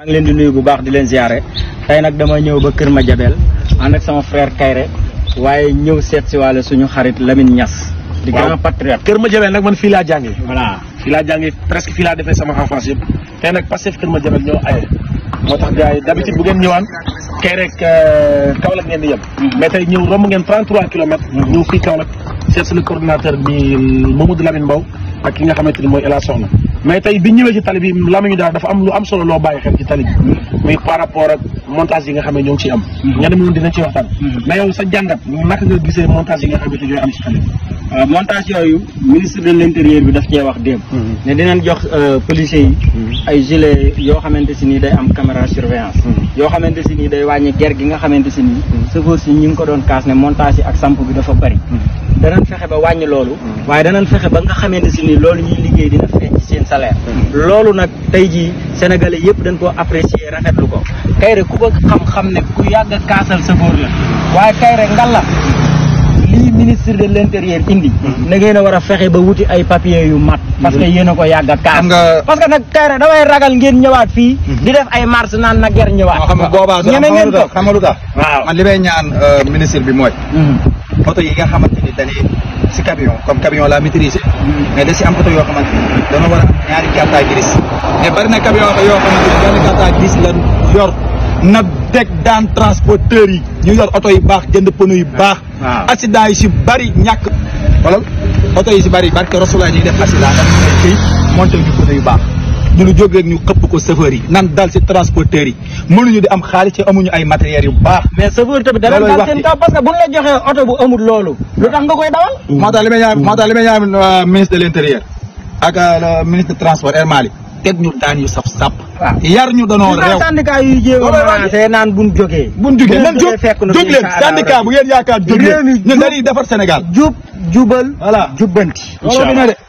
maa ngi leen di nuyu bu baax di leen ziare tey nag dama ñëw ba Kër Madiabel ànd ak sama frère Kayre waaye ñëw seet si waale suñu xarit Lamine Niass. di grand patriote Kër Madiabel nag man fii laa jàngee. voilà fii laa jàngee presque fii laa defee sama enfance yëpp tey nag Pastef Kër Madiabel ñoo aye moo tax gars yi d'habitude bu ngeen ñëwaan Kayre euh, Kaolack ngeen di yem. Mhm. mais tey ñëw romb ngeen 33 kilomètres. Mhm. ñëw fii Kaolack seet le coordinateur bi Mamadou Lamine Mbow ak ki nga xamante ni mooy mais tey bi ñëwee ci tali bi lamiñu daal dafa am lu am solo loo bàyyi xel ci tali bi muy par rapport ak montage yi nga xam ne ñoo ngi ciy am nga dem noonu dina ci waxtaan mm-hmm. mais yow sa jàngat naka ne euh, bi daf cee wax démb mm-hmm. ne dinañ jox euh, policiers yi mm-hmm. ay yoo xamante si nii day am caméra surveillance yoo xamante si nii day wàññi ger gi nga xamante si nii chauffeur si ñi ngi ko doon kaas ne montage yi ak samp bi dafa bari danañ fexe ba wàññi loolu waaye danañ fexe ba nga xamee ne si ni loolu ñuy liggéey dina feeñ seen salaire loolu nag tey jii sénégalais yëpp dañ koo apprécier rafetlu ko Kairé ku ko xam-xam ne ku yàgg a kaasal sa góor la waaye Kairé ngalla lii ministre de l' intérieur indi na ngeen a war a fexe ba wuti ay papier yu mat parce que yéen a ko yàgg a kaas parce que nag Kairé damay ragal ngeen ñëwaat fii mhm. di def ay marche naan na ger ñëwaat ñeme ngeen ko xam nga lu tax waaw man li may ñaan euh, bi mooy mhm. oto yi nga xamante ni dañuy si camion comme camion la maîtriser mais da si am oto yoo xamante ni dana war a am ñaari carte grise mais bari na camion yoo xamante ni benn carte grise lan yor na deg daan transporteur yi ñu yor oto yu baax jënd pneu yu baax accident yi si bari ñàkk wala oto yi si bari barke rasulaay ñuy def accident daf kii monté ñu pneu yu baax ñu jóg rek ñu xëpp ko chauffeur yi nan dal si transporteurs yi mënuñu di am xaalis ci amuñu ay matériels yu baax mais chauffeur tamit dana dal seen kaw parce que bu ñu loolu lu tax nga koy dawal mm. ma tax li may ñaan moo mm. tax li may ñaan euh, ministre de l' intérieur ak euh, ministre transport Air Malick teg ñu daan yu saf sap ah. yar ñu danoo réew syndicat yu a naan buñ jógee buñ jógee nan jóg jóg leen syndicat bu ngeen yaakaar jóg leen ñun dañuy defar Sénégal jub jubal voilà jubbanti